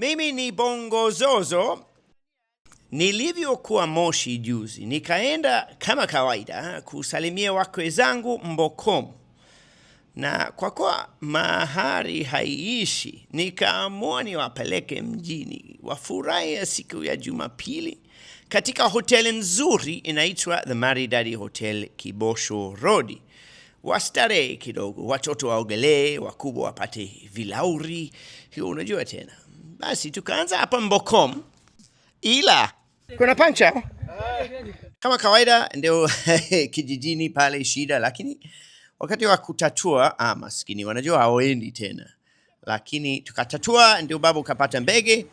Mimi ni bongozozo. Nilivyokuwa Moshi juzi, nikaenda kama kawaida kusalimia wakwe zangu Mbokomo, na kwa kuwa mahari haiishi, nikaamua niwapeleke mjini wafurahi ya siku ya Jumapili katika hoteli nzuri inaitwa The Maridadi Hotel Kibosho rodi Wastarehe kidogo, watoto waogelee, wakubwa wapate vilauri, hiyo unajua tena. Basi tukaanza hapa Mbokom, ila kuna pancha kama kawaida, ndio kijijini pale shida, lakini wakati wa kutatua ah, maskini wanajua hawaendi tena, lakini tukatatua, ndio babu kapata mbege,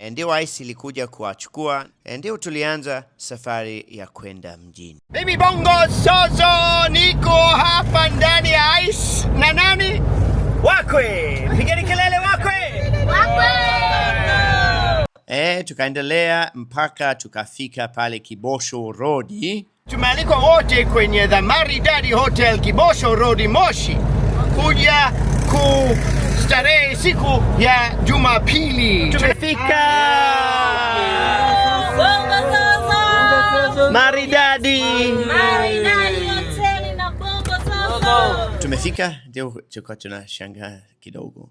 eh, ndio aisi ilikuja kuwachukua, eh, ndio tulianza safari ya kwenda mjini. Mimi Bongo Sozo niko hapa ndani ya ice na nani wakwe, pigeni kelele tukaendelea mpaka tukafika pale Kibosho Road. Tumealikwa wote kwenye The Maridadi Hotel Kibosho Road Moshi kuja kustarehe siku ya Jumapili. Tumefika Maridadi. Tumefika ndio tuka tunashangaa kidogo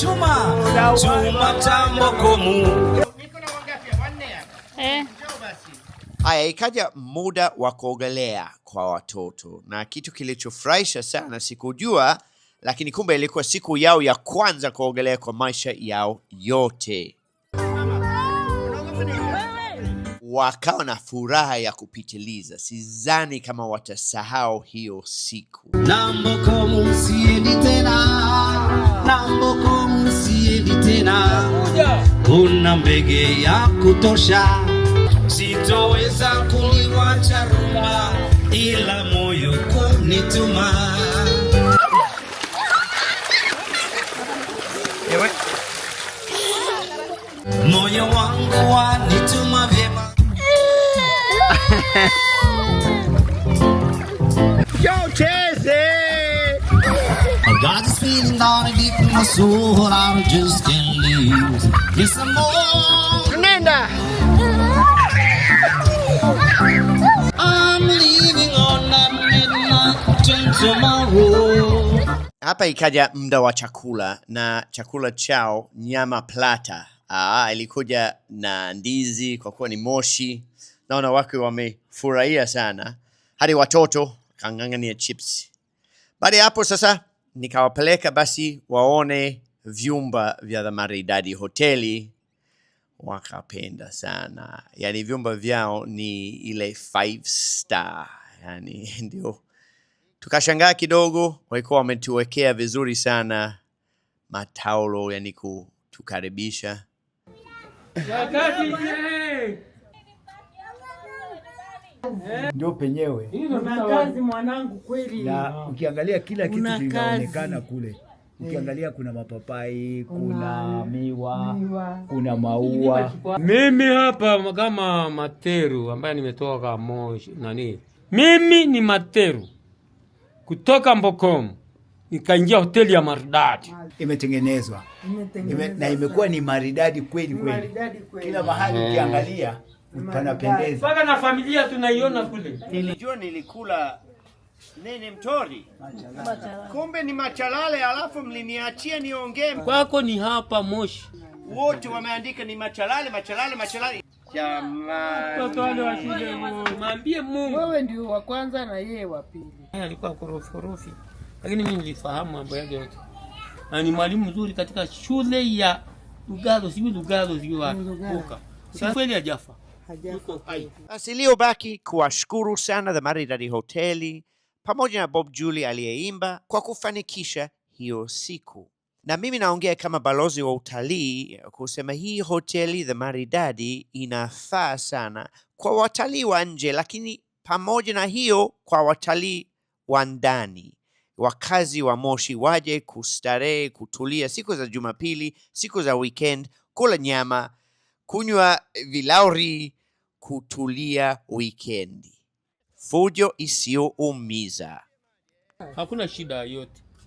chuma Juma Tambokomu. Eh. Haya, ikaja muda wa kuogelea kwa watoto, na kitu kilichofurahisha sana sikujua, lakini kumbe ilikuwa siku yao ya kwanza kuogelea kwa maisha yao yote. Wakawa na furaha ya kupitiliza, sidhani kama watasahau hiyo siku. Nambokomu siedi tena na tena, kuna mbege ya kutosha. Sitoweza kuliwacha Roma, ila moyo kunituma. Moyo wangu wanituma vyema. Yo, cheze God's feeding on a deep in my soul, I'm just can't lose. Yes, I'm more. Nenda. I'm leaving on that midnight train tomorrow. Hapa ikaja mda wa chakula na chakula chao nyama plata. Aa, ah, ilikuja na ndizi kwa kuwa ni Moshi naona wanawake wamefurahia sana, hadi watoto kang'ang'ania chips. Baada ya hapo sasa nikawapeleka basi waone vyumba vya maridadi hoteli, wakapenda sana. Yani vyumba vyao ni ile five star, yani ndio tukashangaa kidogo, walikuwa wametuwekea vizuri sana mataulo, yani kutukaribisha ndio penyewe. Kazi mwanangu, kweli. Na ukiangalia kila kitu kinaonekana kule eh. ukiangalia kuna mapapai, kuna miwa, miwa, kuna maua. Mimi hapa kama Materu ambaye nimetoka Moshi nani, mimi ni Materu kutoka Mbokom nikaingia hoteli ya maridadi imetengenezwa, ime, na imekuwa ni maridadi kweli kweli, kila mahali eh. ukiangalia panapendeza mpaka na familia tunaiona kule. Nilijua nilikula nini mtori, kumbe ni machalale, alafu mliniachia niongee. Kwako ni hapa Moshi, wote wameandika ni machalale, machalale, machalale. Mwambie Mungu wewe ndio wa kwanza na yeye wa pili. Alikuwa lakini mimi nilifahamu mambo yake yote, na ni mwalimu mzuri katika shule ya Lugalo, sijui Lugalo, sijui wapi. Kweli hajafa. Basi iliyobaki kuwashukuru sana The Maridadi Hoteli pamoja na Bob Julie aliyeimba kwa kufanikisha hiyo siku, na mimi naongea kama balozi wa utalii kusema hii hoteli The Maridadi inafaa sana kwa watalii wa nje, lakini pamoja na hiyo kwa watalii wa ndani wakazi wa Moshi waje kustarehe, kutulia siku za Jumapili, siku za weekend, kula nyama, kunywa vilauri kutulia wikendi, fujo isiyoumiza. Hakuna shida yote